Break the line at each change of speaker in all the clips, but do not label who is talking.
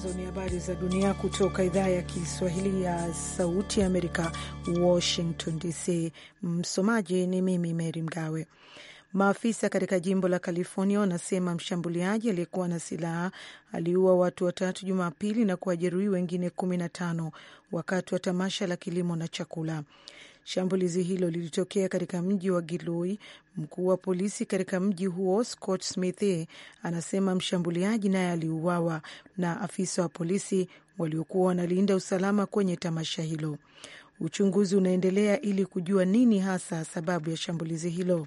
Zifuatazo ni habari za dunia kutoka idhaa ya Kiswahili ya Sauti ya Amerika, Washington DC. Msomaji ni mimi Mary Mgawe. Maafisa katika jimbo la California wanasema mshambuliaji aliyekuwa na silaha aliua watu watatu Jumapili na kuwajeruhi wengine kumi na tano wakati wa tamasha la kilimo na chakula. Shambulizi hilo lilitokea katika mji wa Gilui. Mkuu wa polisi katika mji huo Scott Smith anasema mshambuliaji naye aliuawa na afisa wa polisi waliokuwa wanalinda usalama kwenye tamasha hilo. Uchunguzi unaendelea ili kujua nini hasa sababu ya shambulizi hilo.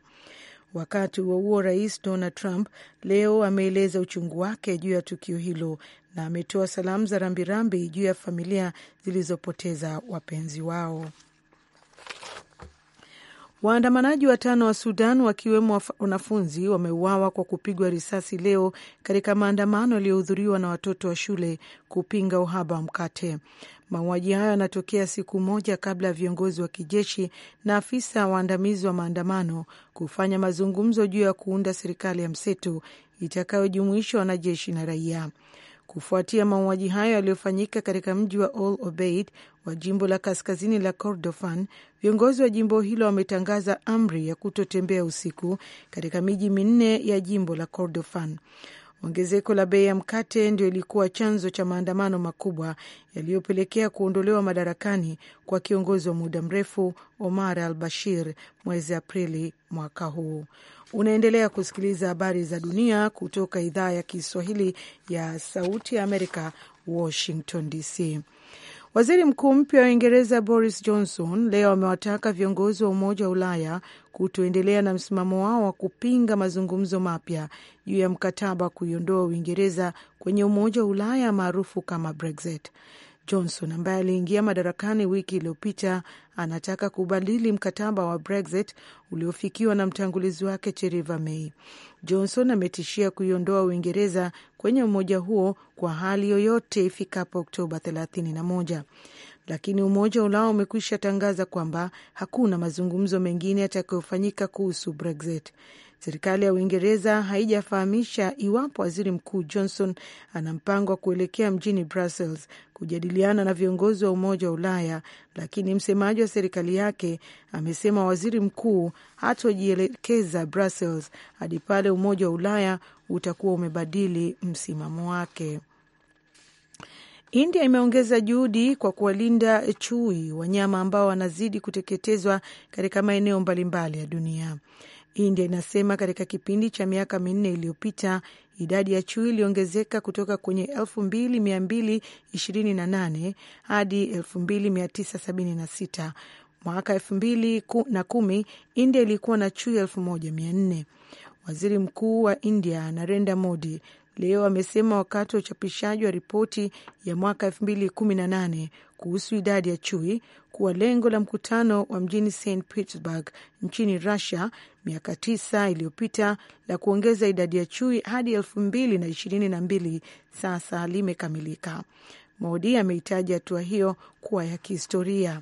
Wakati huo huo, rais Donald Trump leo ameeleza uchungu wake juu ya tukio hilo na ametoa salamu za rambirambi juu ya familia zilizopoteza wapenzi wao. Waandamanaji watano wa Sudan wakiwemo wanafunzi wameuawa kwa kupigwa risasi leo katika maandamano yaliyohudhuriwa na watoto wa shule kupinga uhaba wa mkate. Mauaji hayo yanatokea siku moja kabla ya viongozi wa kijeshi na afisa waandamizi wa maandamano kufanya mazungumzo juu ya kuunda serikali ya mseto itakayojumuisha wanajeshi na raia kufuatia mauaji hayo yaliyofanyika katika mji wa Al Obeid wa jimbo la kaskazini la Kordofan. Viongozi wa jimbo hilo wametangaza amri ya kutotembea usiku katika miji minne ya jimbo la Kordofan. Ongezeko la bei ya mkate ndio ilikuwa chanzo cha maandamano makubwa yaliyopelekea kuondolewa madarakani kwa kiongozi wa muda mrefu Omar al Bashir mwezi Aprili mwaka huu. Unaendelea kusikiliza habari za dunia kutoka idhaa ya Kiswahili ya Sauti ya Amerika, Washington DC. Waziri Mkuu mpya wa Uingereza Boris Johnson leo amewataka viongozi wa Umoja wa Ulaya kutoendelea na msimamo wao wa kupinga mazungumzo mapya juu ya mkataba wa kuiondoa Uingereza kwenye Umoja wa Ulaya maarufu kama Brexit. Johnson ambaye aliingia madarakani wiki iliyopita anataka kubadili mkataba wa Brexit uliofikiwa na mtangulizi wake Theresa May. Johnson ametishia kuiondoa Uingereza kwenye umoja huo kwa hali yoyote ifikapo Oktoba 31, lakini Umoja wa Ulaya umekwisha tangaza kwamba hakuna mazungumzo mengine yatakayofanyika kuhusu Brexit. Serikali ya Uingereza haijafahamisha iwapo waziri mkuu Johnson ana mpango wa kuelekea mjini Brussels kujadiliana na viongozi wa Umoja wa Ulaya, lakini msemaji wa serikali yake amesema waziri mkuu hatojielekeza Brussels hadi pale Umoja wa Ulaya utakuwa umebadili msimamo wake. India imeongeza juhudi kwa kuwalinda chui, wanyama ambao wanazidi kuteketezwa katika maeneo mbalimbali ya dunia. India inasema katika kipindi cha miaka minne iliyopita idadi ya chui iliongezeka kutoka kwenye 2228 hadi 2976. Mwaka 2010 India ilikuwa na chui 1400. Waziri Mkuu wa India Narendra Modi leo amesema wakati wa uchapishaji wa ripoti ya mwaka 2018 kuhusu idadi ya chui kuwa lengo la mkutano wa mjini St Petersburg nchini Russia miaka tisa iliyopita la kuongeza idadi ya chui hadi elfu mbili na ishirini na mbili sasa limekamilika. Modi ameitaja hatua hiyo kuwa ya kihistoria.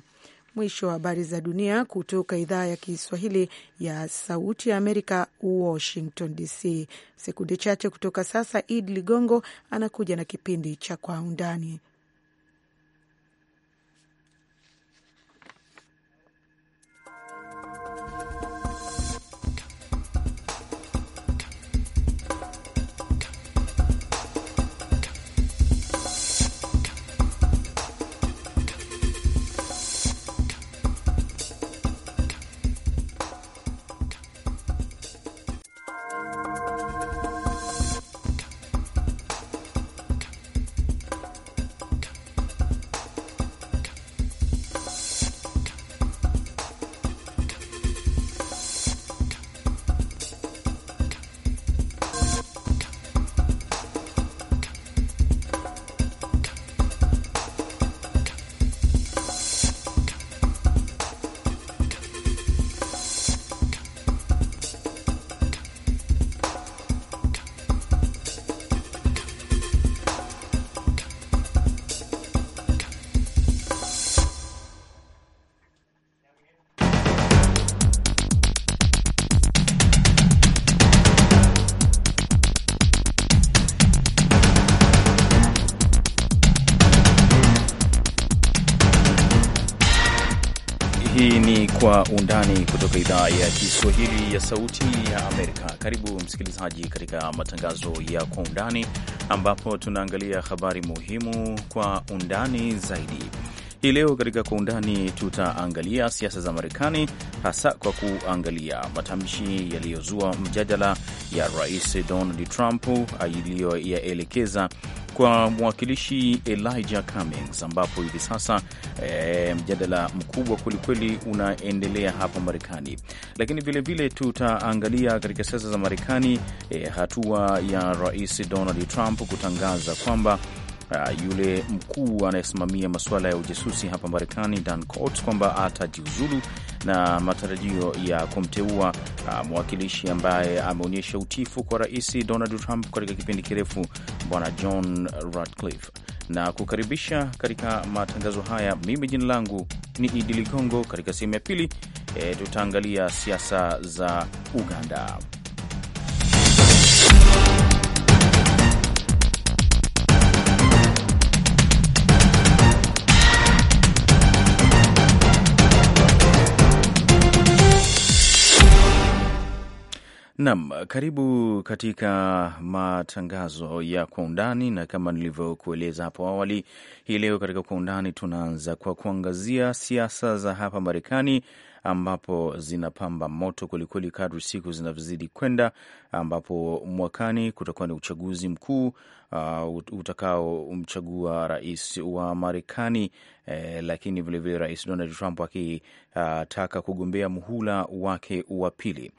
Mwisho wa habari za dunia kutoka idhaa ya Kiswahili ya Sauti ya Amerika, Washington DC. Sekunde chache kutoka sasa, Id Ligongo anakuja na kipindi cha Kwa Undani.
Kwa Undani kutoka idhaa ya Kiswahili ya Sauti ya Amerika. Karibu msikilizaji, katika matangazo ya Kwa Undani ambapo tunaangalia habari muhimu kwa undani zaidi. Hii leo katika Kwa Undani tutaangalia siasa za Marekani, hasa kwa kuangalia matamshi yaliyozua mjadala ya Rais Donald Trump aliyoyaelekeza kwa mwakilishi Elijah Cummings, ambapo hivi sasa e, mjadala mkubwa kwelikweli unaendelea hapa Marekani. Lakini vilevile tutaangalia katika siasa za Marekani e, hatua ya Rais Donald Trump kutangaza kwamba Uh, yule mkuu anayesimamia masuala ya ujasusi hapa Marekani Dan Coats kwamba atajiuzulu na matarajio ya kumteua uh, mwakilishi ambaye ameonyesha utifu kwa Rais Donald Trump katika kipindi kirefu, Bwana John Ratcliffe na kukaribisha katika matangazo haya. Mimi jina langu ni Idi Ligongo. Katika sehemu ya pili e, tutaangalia siasa za Uganda. Naam, karibu katika matangazo ya kwa undani, na kama nilivyokueleza hapo awali, hii leo katika kwa undani tunaanza kwa kuangazia siasa za hapa Marekani ambapo zinapamba moto kwelikweli kadri siku zinavyozidi kwenda, ambapo mwakani kutakuwa ni uchaguzi mkuu uh, utakaomchagua rais wa Marekani eh, lakini vilevile rais Donald Trump akitaka uh, kugombea muhula wake wa pili.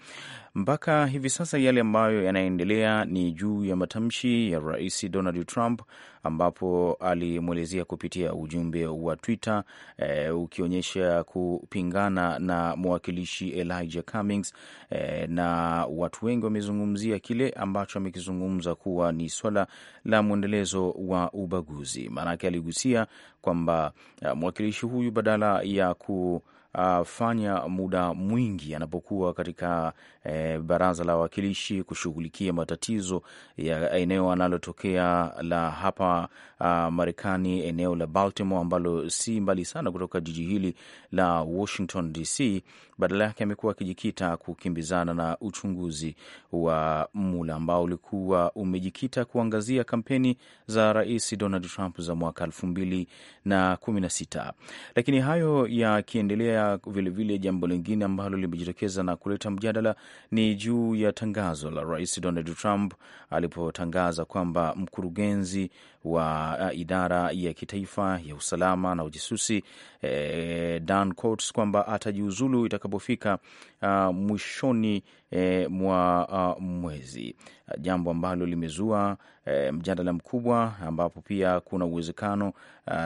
Mpaka hivi sasa yale ambayo yanaendelea ni juu ya matamshi ya rais Donald Trump ambapo alimwelezea kupitia ujumbe wa Twitter e, ukionyesha kupingana na mwakilishi Elijah Cummings e, na watu wengi wamezungumzia kile ambacho amekizungumza kuwa ni swala la mwendelezo wa ubaguzi. Maanake aligusia kwamba eh, mwakilishi huyu badala ya ku anafanya ah, muda mwingi anapokuwa katika e, baraza la wawakilishi kushughulikia matatizo ya eneo analotokea la hapa ah, Marekani, eneo la Baltimore ambalo si mbali sana kutoka jiji hili la Washington DC. Badala yake amekuwa akijikita kukimbizana na uchunguzi wa mula ambao ulikuwa umejikita kuangazia kampeni za Rais Donald Trump za mwaka elfu mbili na kumi na sita, lakini hayo yakiendelea vilevile vilevile jambo lingine ambalo limejitokeza na kuleta mjadala ni juu ya tangazo la Rais Donald Trump alipotangaza kwamba mkurugenzi wa uh, idara ya kitaifa ya usalama na ujasusi eh, Dan Coats kwamba atajiuzulu itakapofika uh, mwishoni e, mwa a, mwezi, jambo ambalo limezua e, mjadala mkubwa, ambapo pia kuna uwezekano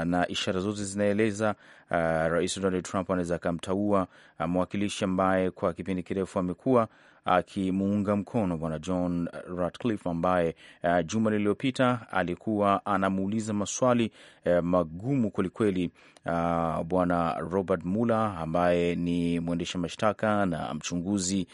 na ishara zote zinaeleza Rais Donald Trump anaweza akamtaua mwakilishi ambaye kwa kipindi kirefu amekuwa akimuunga mkono bwana John Ratcliffe ambaye uh, juma lililopita alikuwa anamuuliza maswali uh, magumu kwelikweli uh, bwana Robert Mueller ambaye ni mwendesha mashtaka na mchunguzi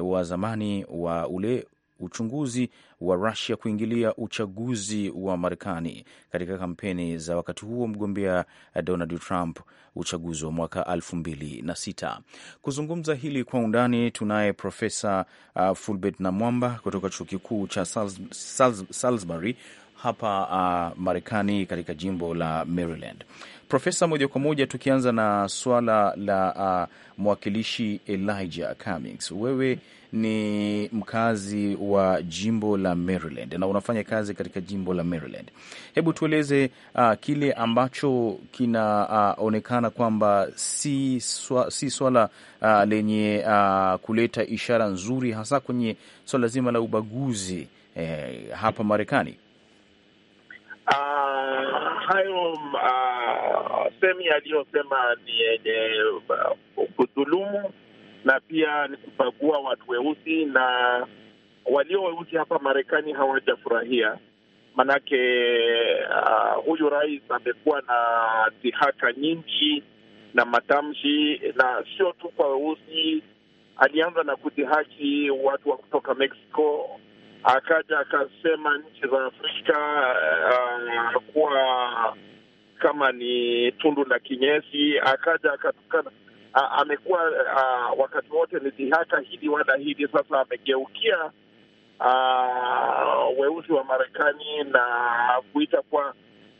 uh, wa zamani wa ule uchunguzi wa Rusia kuingilia uchaguzi wa Marekani katika kampeni za wakati huo mgombea Donald Trump, uchaguzi wa mwaka a26 Kuzungumza hili kwa undani, tunaye Profesa uh, Fulbert Namwamba kutoka chuo kikuu cha Sals Sals Salisbury hapa uh, Marekani, katika jimbo la Maryland. Profesa, moja kwa moja tukianza na swala la uh, mwakilishi Elijah Cummings, wewe ni mkazi wa jimbo la Maryland na unafanya kazi katika jimbo la Maryland. Hebu tueleze uh, kile ambacho kinaonekana uh, kwamba si, swa, si swala uh, lenye uh, kuleta ishara nzuri hasa kwenye swala zima la ubaguzi eh, hapa Marekani.
Uh, hayo uh, semi yaliyosema ni yenye uh,
kudhulumu
na pia ni kubagua watu weusi, na walio weusi hapa Marekani hawajafurahia manake uh, huyu rais amekuwa na dhihaka nyingi na matamshi, na sio tu kwa weusi. Alianza na kudhihaki watu wa kutoka Mexico, akaja akasema nchi za Afrika uh, kuwa kama ni tundu la kinyesi, akaja akatukana amekuwa wakati wote ni dhihaka hili wala hili. Sasa amegeukia weusi wa Marekani na kuita kwa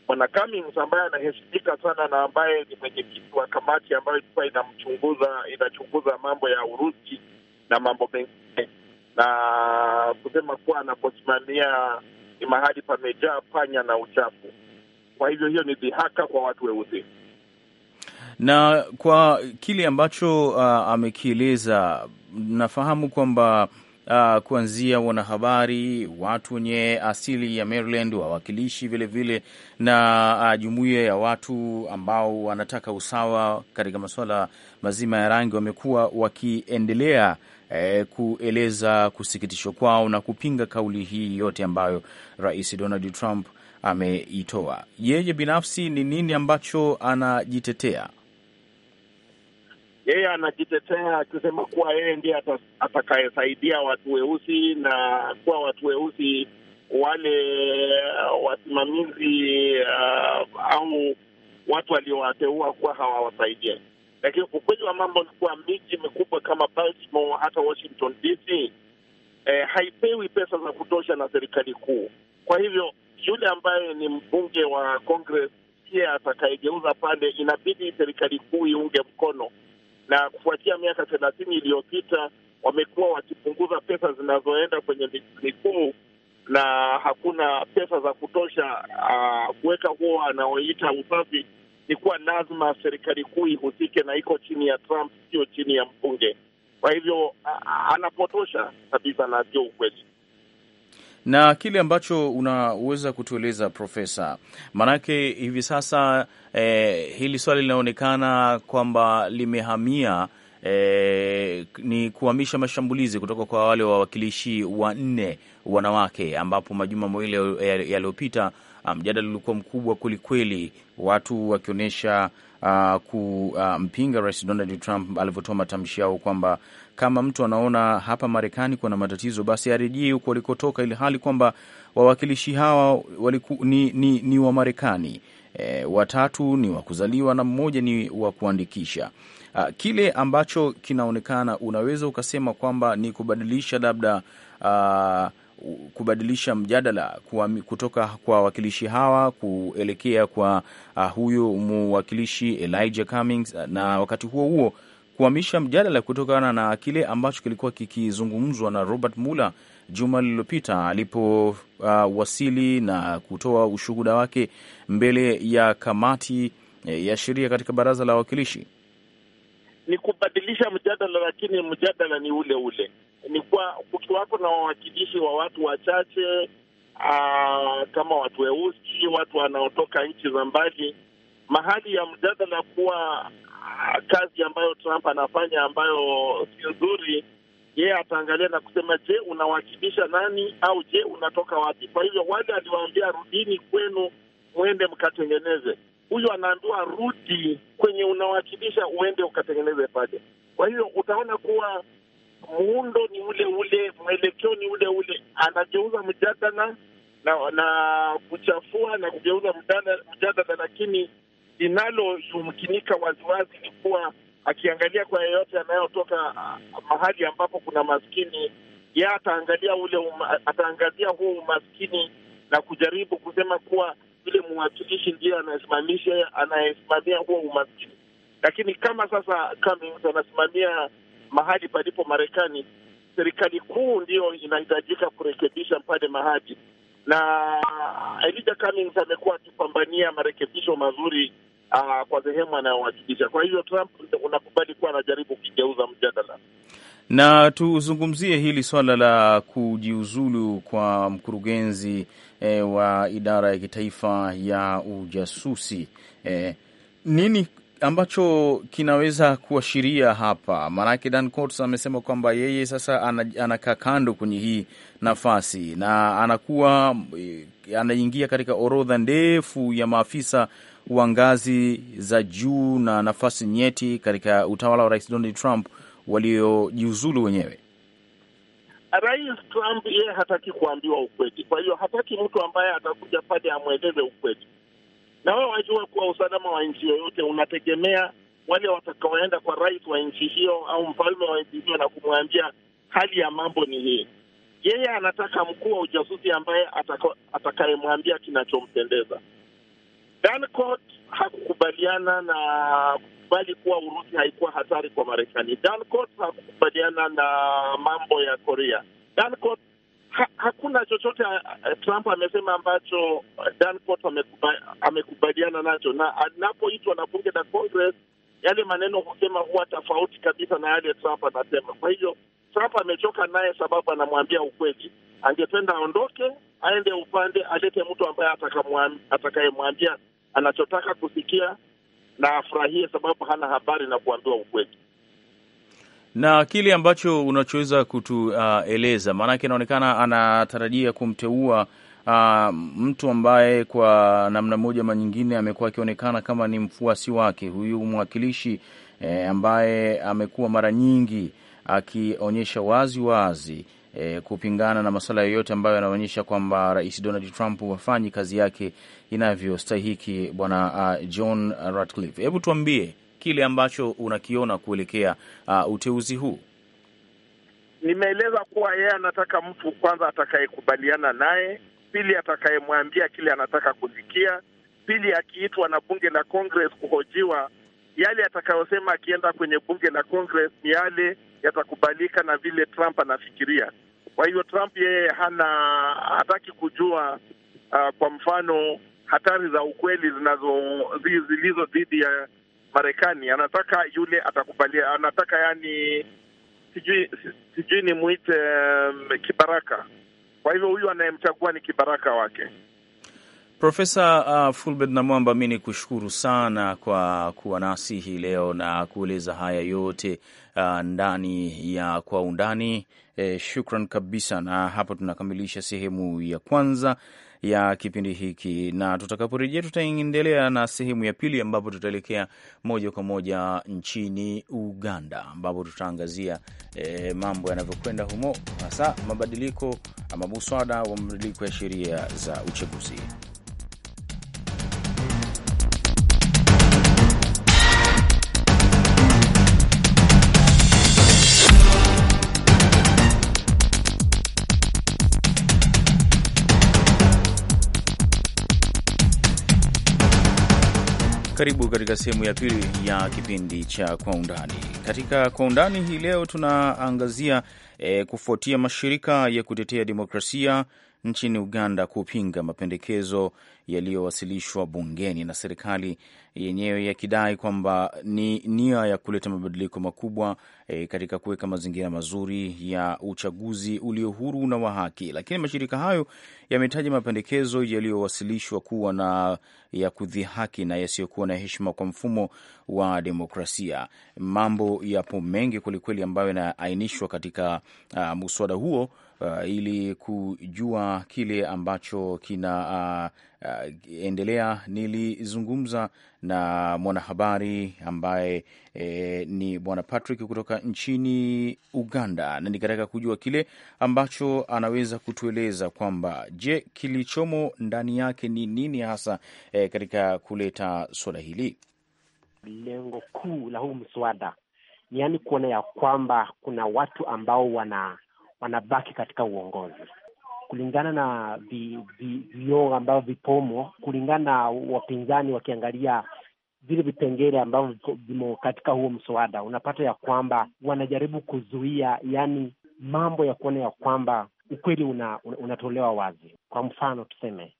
Bwana Cummings ambaye anaheshimika sana na ambaye ni mwenyekiti wa kamati ambayo ilikuwa inamchunguza inachunguza mambo ya Urusi na mambo mengine, na kusema kuwa anaposimamia ni mahali pamejaa panya na uchafu. Kwa hivyo hiyo ni dhihaka kwa watu weusi
na kwa kile ambacho uh, amekieleza nafahamu kwamba uh, kuanzia wanahabari, watu wenye asili ya Maryland, wawakilishi vilevile na uh, jumuiya ya watu ambao wanataka usawa katika masuala mazima ya rangi wamekuwa wakiendelea E, kueleza kusikitishwa kwao na kupinga kauli hii yote ambayo Rais Donald Trump ameitoa. Yeye binafsi ni nini ambacho anajitetea?
Yeye anajitetea akisema kuwa yeye ndiye atakayesaidia watu weusi na kuwa watu weusi wale uh, wasimamizi uh, au watu waliowateua kuwa hawawasaidia Lakini ukweli wa mambo ni kuwa miji mikubwa kama Baltimore hata Washington DC eh, haipewi pesa za kutosha na serikali kuu. Kwa hivyo yule ambaye ni mbunge wa Congress pia atakayegeuza pande inabidi serikali kuu iunge mkono, na kufuatia miaka thelathini iliyopita wamekuwa wakipunguza pesa zinazoenda kwenye mikuu na hakuna pesa za kutosha ah, kuweka uh, huo anaoita usafi. Ni kuwa lazima serikali kuu ihusike, na iko chini ya Trump, sio chini ya mbunge. Kwa hivyo uh, anapotosha kabisa na sio ukweli
na kile ambacho unaweza kutueleza Profesa, maanake hivi sasa eh, hili swali linaonekana kwamba limehamia eh, ni kuhamisha mashambulizi kutoka kwa wale wawakilishi wanne wanawake, ambapo majuma mawili yaliyopita ah, mjadala um, ulikuwa mkubwa kwelikweli, watu wakionyesha uh, ah, kumpinga ah, uh, Rais Donald Trump alivyotoa matamshi yao kwamba kama mtu anaona hapa Marekani kuna matatizo, basi arejee huko walikotoka, ili hali kwamba wawakilishi hawa waliku, ni, ni, ni wa Marekani e, watatu ni wa kuzaliwa na mmoja ni wa kuandikisha. A, kile ambacho kinaonekana unaweza ukasema kwamba ni kubadilisha labda a, kubadilisha mjadala kutoka kwa wawakilishi hawa kuelekea kwa uh, huyu mwakilishi Elijah Cummings, na wakati huo huo kuhamisha mjadala kutokana na kile ambacho kilikuwa kikizungumzwa na Robert Mueller juma lililopita alipowasili uh, na kutoa ushuhuda wake mbele ya kamati eh, ya sheria katika baraza la wawakilishi.
Ni kubadilisha mjadala, lakini mjadala ni ule ule. Ni kwa kukiwako na wawakilishi wa watu wachache uh, kama watu weusi, watu wanaotoka nchi za mbali, mahali ya mjadala kuwa Ah, kazi ambayo Trump anafanya ambayo sio nzuri, yeye ataangalia na kusema, je, unawakilisha nani? Au je, unatoka wapi? Kwa hivyo wale aliwaambia rudini kwenu, mwende mkatengeneze, huyu anaambiwa rudi kwenye unawakilisha uende ukatengeneze pale Kwa hivyo utaona kuwa muundo ni ule ule, mwelekeo ni ule ule, anageuza mjadala na na kuchafua na kugeuza mjadala, lakini linaloyumkinika waziwazi ni kuwa akiangalia kwa yeyote anayotoka uh, mahali ambapo kuna maskini, ye ataangalia ule um, ataangazia huo umaskini na kujaribu kusema kuwa yule mwakilishi ndiye anasimamisha anayesimamia huo umaskini. Lakini kama sasa Cummings anasimamia mahali palipo Marekani, serikali kuu ndiyo inahitajika kurekebisha pale mahali, na Elijah Cummings amekuwa akipambania marekebisho mazuri uh, kwa sehemu anayowakilisha Kwa hivyo Trump unakubali kuwa anajaribu kugeuza mjadala
na tuzungumzie hili swala la kujiuzulu kwa mkurugenzi e, wa idara ya kitaifa ya ujasusi e, nini ambacho kinaweza kuashiria hapa? Maanake Dan Coats amesema kwamba yeye sasa anakaa kando kwenye hii nafasi na anakuwa eh, anaingia katika orodha ndefu ya maafisa wa ngazi za juu na nafasi nyeti katika utawala wa Rais Donald Trump waliojiuzulu wenyewe?
Rais Trump yeye hataki kuambiwa ukweli, kwa hiyo hataki mtu ambaye atakuja pale amweleze ukweli. Na wao wajua kuwa usalama wa nchi yoyote unategemea wale watakaoenda kwa rais wa nchi hiyo au mfalme wa nchi hiyo na kumwambia hali ya mambo ni hii. Yeye anataka mkuu wa ujasusi ambaye atakayemwambia kinachompendeza Dancourt hakukubaliana na kukubali kuwa Urusi haikuwa hatari kwa Marekani. Dancourt hakukubaliana na mambo ya Korea. Dancourt ha, hakuna chochote eh, eh, Trump amesema ambacho eh, Dancourt amekubaliana nacho, na anapoitwa na bunge la Congress yale maneno husema huwa tofauti kabisa na yale Trump anasema. Kwa hivyo Trump amechoka naye, sababu anamwambia ukweli. Angependa aondoke, aende upande, alete mtu ambaye atakayemwambia anachotaka kusikia na afurahie, sababu hana habari na kuambiwa ukweli
na kile ambacho unachoweza kutueleza uh, maanake inaonekana anatarajia kumteua uh, mtu ambaye kwa namna moja ama nyingine amekuwa akionekana kama ni mfuasi wake, huyu mwakilishi eh, ambaye amekuwa mara nyingi akionyesha wazi wazi e, kupingana na masuala yoyote ambayo yanaonyesha kwamba Rais Donald Trump hafanyi kazi yake inavyostahiki. Bwana uh, John Ratcliffe, hebu tuambie kile ambacho unakiona kuelekea uh, uteuzi huu.
Nimeeleza kuwa yeye anataka mtu kwanza atakayekubaliana naye, pili atakayemwambia kile anataka kusikia, pili akiitwa na bunge la Congress kuhojiwa, yale atakayosema akienda kwenye bunge la Congress ni yale yatakubalika na vile Trump anafikiria. Kwa hivyo Trump yeye hana hataki kujua uh, kwa mfano hatari za ukweli zinazo zilizo dhidi ya Marekani. Anataka yule atakubalia, anataka yani, sijui sijui nimwite um, kibaraka. Kwa hivyo huyu anayemchagua ni kibaraka wake.
Profesa uh, Fulbert Namwamba, mi ni kushukuru sana kwa kuwa nasi hii leo na kueleza haya yote uh, ndani ya kwa undani. E, shukran kabisa, na hapa tunakamilisha sehemu ya kwanza ya kipindi hiki, na tutakaporejea tutaendelea na sehemu ya pili, ambapo tutaelekea moja kwa moja nchini Uganda, ambapo tutaangazia e, mambo yanavyokwenda humo, hasa mabadiliko ama muswada wa mabadiliko ya sheria za uchaguzi. Karibu katika sehemu ya pili ya kipindi cha Kwa Undani. Katika Kwa Undani hii leo tunaangazia e, kufuatia mashirika ya kutetea demokrasia nchini Uganda kupinga mapendekezo yaliyowasilishwa bungeni na serikali yenyewe yakidai kwamba ni nia ya kuleta mabadiliko makubwa e, katika kuweka mazingira mazuri ya uchaguzi ulio huru na wa haki. Lakini mashirika hayo yametaja mapendekezo yaliyowasilishwa kuwa na ya kudhihaki na yasiyokuwa na heshima kwa mfumo wa demokrasia. Mambo yapo mengi kwelikweli ambayo yanaainishwa katika uh, muswada huo uh, ili kujua kile ambacho kinaendelea uh, uh, Nilizungumza na mwanahabari ambaye eh, ni bwana Patrick kutoka nchini Uganda, na nikataka kujua kile ambacho anaweza kutueleza kwamba je, kilichomo ndani yake ni nini hasa eh, katika kuleta suala hili.
Lengo kuu la huu mswada ni yaani kuona ya kwamba kuna watu ambao wana wanabaki katika uongozi kulingana na vioo vi, ambavyo vipomo, kulingana na wapinzani wakiangalia vile vipengele ambavyo vimo katika huo mswada, unapata ya kwamba wanajaribu kuzuia, yaani mambo ya kuona ya kwamba ukweli una, una, unatolewa wazi. Kwa mfano tuseme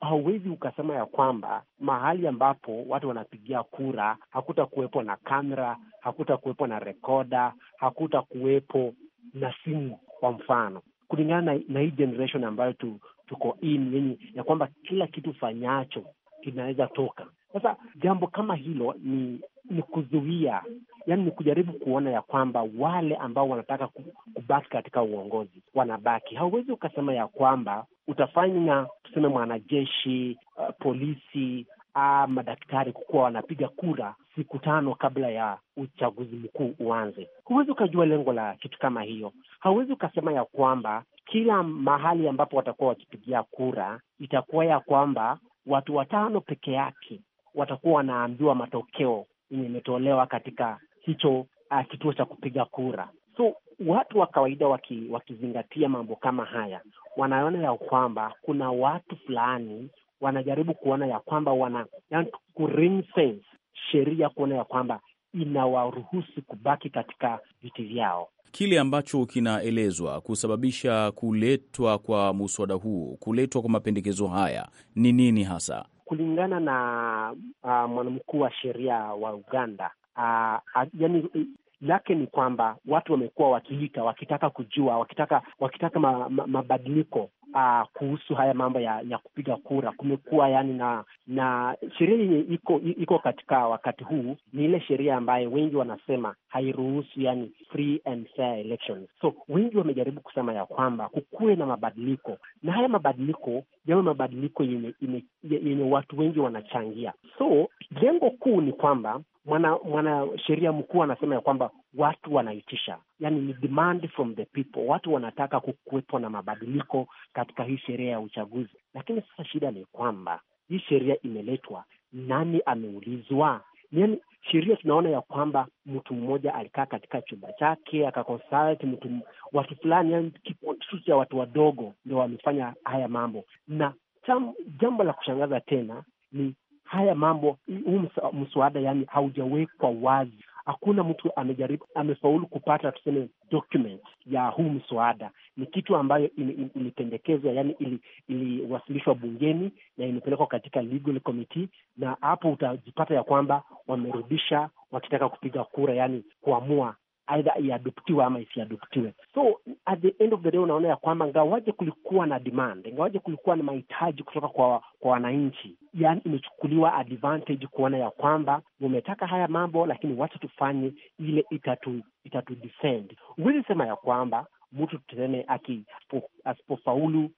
hauwezi ukasema ya kwamba mahali ambapo watu wanapigia kura hakuta kuwepo na kamera, hakuta kuwepo na rekoda, hakuta kuwepo na simu kwa mfano kulingana na, na hii generation ambayo tu, tuko in yenye ya kwamba kila kitu fanyacho kinaweza toka. Sasa jambo kama hilo ni ni kuzuia, yani ni kujaribu kuona ya kwamba wale ambao wanataka kubaki katika uongozi wanabaki. Hauwezi ukasema ya kwamba utafanya tuseme mwanajeshi, uh, polisi, uh, madaktari kukuwa wanapiga kura siku tano kabla ya uchaguzi mkuu uanze. Huwezi ukajua lengo la kitu kama hiyo. Hauwezi ukasema ya kwamba kila mahali ambapo watakuwa wakipigia kura itakuwa ya kwamba watu watano peke yake watakuwa wanaambiwa matokeo yenye imetolewa katika hicho uh, kituo cha kupiga kura. So watu wa kawaida waki, wakizingatia mambo kama haya, wanaona ya kwamba kuna watu fulani wanajaribu kuona ya kwamba wana yani, ku ring fence sheria kuona ya kwamba inawaruhusu kubaki katika viti vyao.
Kile ambacho kinaelezwa kusababisha kuletwa kwa muswada huu, kuletwa kwa mapendekezo haya ni nini hasa?
Kulingana na uh, mwanamkuu wa sheria wa Uganda uh, uh, yani uh, lake ni kwamba watu wamekuwa wakiita wakitaka kujua, wakitaka wakitaka ma, ma, mabadiliko uh, kuhusu haya mambo ya, ya kupiga kura. Kumekuwa yani na na sheria yenye iko iko katika wakati huu ni ile sheria ambayo wengi wanasema hairuhusu yani free and fair elections. So wengi wamejaribu kusema ya kwamba kukuwe na mabadiliko, na haya mabadiliko yawe mabadiliko yenye yenye watu wengi wanachangia. So lengo kuu ni kwamba mwanasheria mwana mkuu anasema ya kwamba watu wanaitisha, yani ni demand from the people. Watu wanataka kukuwepo na mabadiliko katika hii sheria ya uchaguzi, lakini sasa shida ni kwamba hii sheria imeletwa, nani ameulizwa? Yani sheria tunaona ya kwamba mtu mmoja alikaa katika chumba chake akaconsult mtu watu fulani, yani kikundi cha watu wadogo ndio wamefanya haya mambo, na jambo la kushangaza tena ni haya mambo, huu mswada yani haujawekwa wazi. Hakuna mtu amejaribu amefaulu kupata tuseme document ya huu mswada. Ni kitu ambayo ilipendekezwa, yani iliwasilishwa ili bungeni na imepelekwa katika legal committee, na hapo utajipata ya kwamba wamerudisha wakitaka kupiga kura, yani kuamua aidha iadoptiwe ama isiadoptiwe. So at the end of the day, unaona ya kwamba ngawaje kulikuwa na demand, ngawaje kulikuwa na mahitaji kutoka kwa kwa wananchi, yani imechukuliwa advantage kuona ya kwamba umetaka haya mambo, lakini wacha tufanye ile itatu itatu defend. Huwezi sema ya kwamba mtu tuseme asipofaulu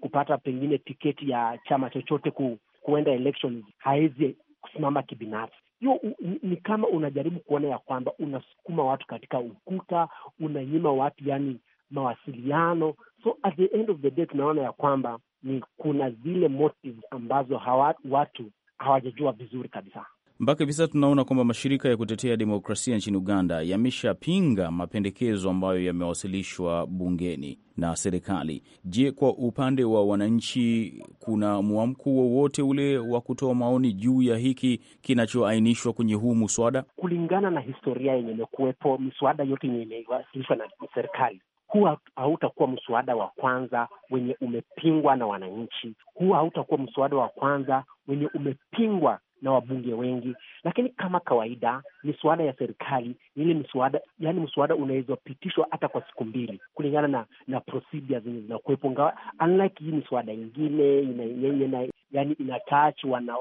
kupata pengine tiketi ya chama chochote ku kuenda elections haezi kusimama kibinafsi. Hiyo ni kama unajaribu kuona ya kwamba unasukuma watu katika ukuta, unanyima watu yani mawasiliano. So at the end of the day tunaona ya kwamba ni kuna zile motives ambazo hawa, watu hawajajua vizuri kabisa.
Mpaka hivi sasa tunaona kwamba mashirika ya kutetea demokrasia nchini Uganda yameshapinga mapendekezo ambayo yamewasilishwa bungeni na serikali. Je, kwa upande wa wananchi kuna mwamko wowote ule wa kutoa maoni juu ya hiki kinachoainishwa kwenye huu muswada?
Kulingana na historia yenye imekuwepo, miswada yote yenye imewasilishwa na serikali huwa hautakuwa mswada wa kwanza wenye umepingwa na wananchi. Huwa hautakuwa mswada wa kwanza wenye umepingwa na wabunge wengi, lakini kama kawaida miswada ya serikali ile miswada, yani mswada unaweza pitishwa hata kwa siku mbili kulingana na na procedure zenye zinakuwepo, ngawa unlike hii miswada ingine ina, ina, ina, yani inatach wananchi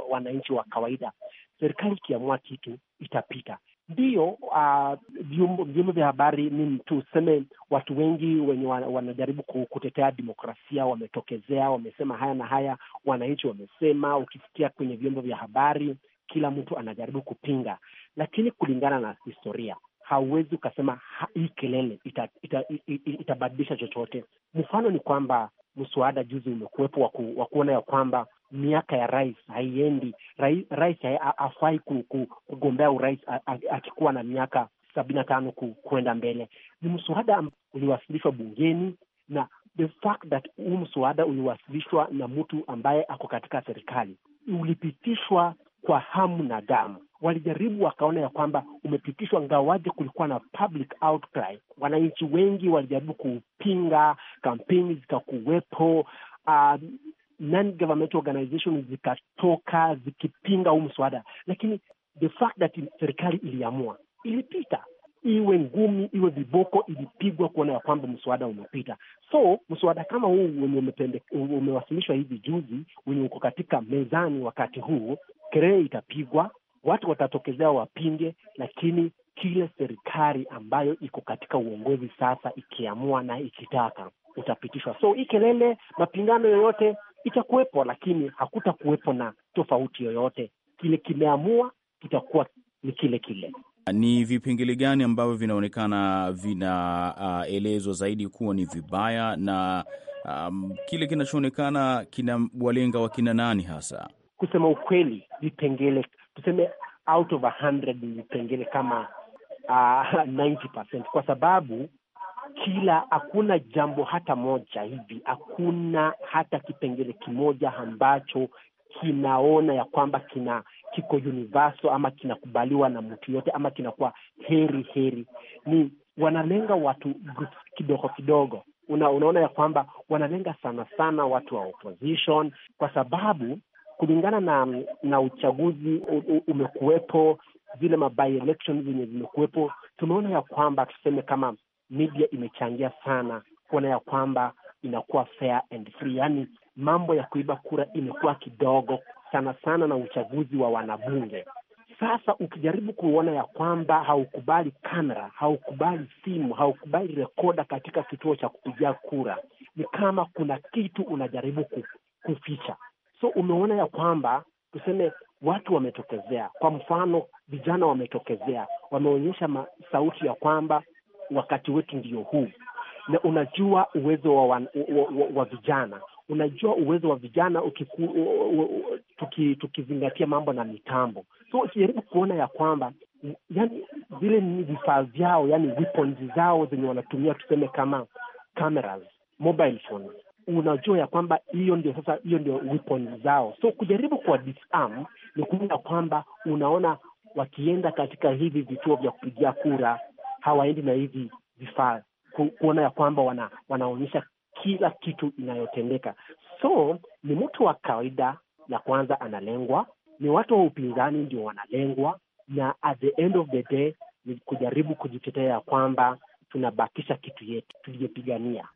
wana wa kawaida. Serikali ikiamua kitu itapita. Ndiyo, uh, ah, vyombo vya habari ni tuseme, watu wengi wenye wanajaribu kutetea demokrasia wametokezea, wamesema haya na haya, wananchi wamesema. Ukisikia kwenye vyombo vya habari, kila mtu anajaribu kupinga, lakini kulingana na historia hauwezi ukasema hii kelele itabadilisha ita, ita, ita chochote. Mfano ni kwamba mswada juzi umekuwepo wa kuona ya kwamba miaka ya rais haiendi. Rais, rais hafai kugombea urais akikuwa na miaka sabini na tano kwenda mbele. Ni mswada uliwasilishwa bungeni na the fact that huu mswada uliwasilishwa na mtu ambaye ako katika serikali, ulipitishwa kwa hamu na damu. Walijaribu wakaona ya kwamba umepitishwa ngawaje, kulikuwa na public outcry. Wananchi wengi walijaribu kupinga, kampeni zikakuwepo. Um, non government organization zikatoka zikipinga huu mswada, lakini the fact that serikali iliamua, ilipita iwe ngumi iwe viboko, ilipigwa kuona ya kwamba mswada umepita. So mswada kama huu wenye umewasilishwa hivi juzi, wenye uko katika mezani wakati huu, kelele itapigwa, watu watatokezea wapinge, lakini kile serikali ambayo iko katika uongozi sasa ikiamua na ikitaka utapitishwa. So hii kelele, mapingano yoyote itakuwepo, lakini hakutakuwepo na tofauti yoyote. Kile kimeamua kitakuwa ni kile kile.
Ni vipengele gani ambavyo vinaonekana vinaelezwa uh, zaidi kuwa ni vibaya na um, kile kinachoonekana kina walenga wakina nani hasa?
Kusema ukweli, vipengele tuseme out of ni vipengele kama uh, 90%, kwa sababu kila, hakuna jambo hata moja hivi, hakuna hata kipengele kimoja ambacho kinaona ya kwamba kina kiko universal ama kinakubaliwa na mtu yote ama kinakuwa heri heri. Ni wanalenga watu kidogo kidogo. Una, unaona ya kwamba wanalenga sana sana watu wa opposition kwa sababu kulingana na na uchaguzi umekuwepo, zile maby election zenye zimekuwepo, tumeona ya kwamba tuseme kama media imechangia sana kuona ya kwamba inakuwa fair and free, yaani mambo ya kuiba kura imekuwa kidogo sana sana na uchaguzi wa wanabunge. Sasa ukijaribu kuona ya kwamba haukubali kamera, haukubali simu, haukubali rekoda katika kituo cha kupigia kura, ni kama kuna kitu unajaribu kuficha. So umeona ya kwamba tuseme watu wametokezea, kwa mfano vijana wametokezea, wameonyesha sauti ya kwamba wakati wetu ndio huu, na unajua uwezo wa, wa, wa, wa, wa vijana unajua uwezo wa vijana ukiku, u, u, u, tuki, tukizingatia mambo na mitambo, so ukijaribu kuona ya kwamba yani zile ni vifaa vyao, yani weapons zao zenye wanatumia tuseme kama cameras, mobile phones, unajua ya kwamba hiyo ndio sasa, hiyo ndio weapons zao. So kujaribu kuwa disarm ni kuona kwamba unaona wakienda katika hivi vituo vya kupigia kura hawaendi na hivi vifaa ku, kuona ya kwamba wana, wanaonyesha kila kitu inayotendeka. So ni mtu wa kawaida la kwanza analengwa, ni watu wa upinzani ndio wanalengwa, na at the end of the day ni kujaribu kujitetea ya kwamba tunabakisha kitu yetu tuliyopigania.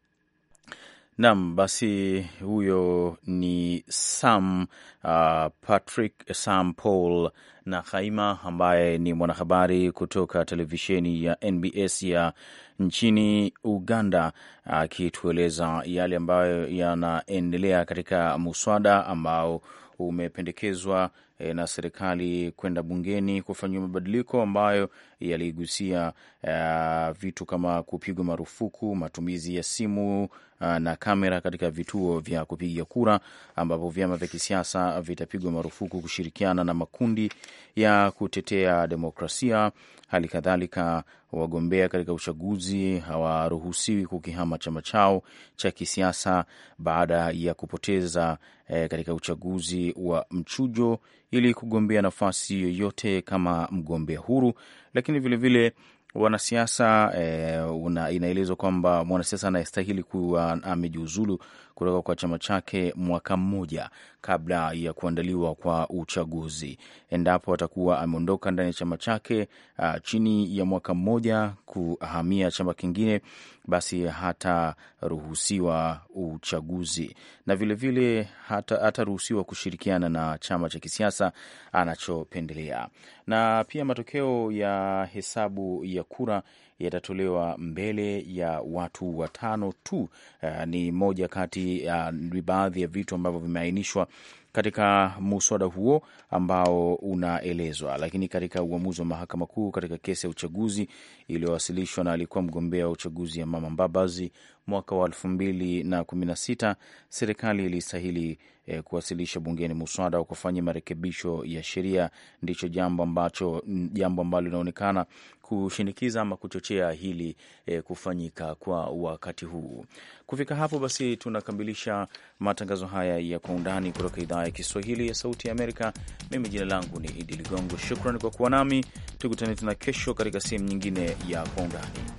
Nam, basi huyo ni Sam uh, Patrick Sam Paul na Khaima ambaye ni mwanahabari kutoka televisheni ya NBS ya nchini Uganda akitueleza uh, yale ambayo yanaendelea katika muswada ambao umependekezwa e, na serikali kwenda bungeni kufanyiwa mabadiliko ambayo yaligusia e, vitu kama kupigwa marufuku matumizi ya simu a, e, na kamera katika vituo vya kupiga kura, ambapo vyama vya kisiasa vitapigwa marufuku kushirikiana na makundi ya kutetea demokrasia. Hali kadhalika wagombea katika uchaguzi hawaruhusiwi kukihama chama chao cha kisiasa baada ya kupoteza e, katika uchaguzi wa mchujo ili kugombea nafasi yoyote kama mgombea huru, lakini vilevile vile wanasiasa e, inaelezwa kwamba mwanasiasa anayestahili kuwa amejiuzulu kutoka kwa chama chake mwaka mmoja kabla ya kuandaliwa kwa uchaguzi. Endapo atakuwa ameondoka ndani ya chama chake uh, chini ya mwaka mmoja kuhamia chama kingine, basi hataruhusiwa uchaguzi, na vilevile hataruhusiwa hata kushirikiana na chama cha kisiasa anachopendelea. Na pia matokeo ya hesabu ya kura yatatolewa mbele ya watu watano tu. Uh, ni moja kati ya uh, baadhi ya vitu ambavyo vimeainishwa katika muswada huo ambao unaelezwa. Lakini katika uamuzi wa mahakama kuu katika kesi ya uchaguzi iliyowasilishwa na alikuwa mgombea wa uchaguzi ya Mama Mbabazi mwaka wa elfu mbili na kumi na sita, serikali ilistahili eh, kuwasilisha bungeni muswada wa kufanya marekebisho ya sheria. Ndicho jambo ambacho jambo ambalo linaonekana kushinikiza ama kuchochea hili e, kufanyika kwa wakati huu. Kufika hapo basi, tunakamilisha matangazo haya ya kwa undani kutoka idhaa ya Kiswahili ya Sauti ya Amerika. Mimi jina langu ni Idi Ligongo, shukran kwa kuwa nami. Tukutane tena kesho katika sehemu nyingine ya kwa undani.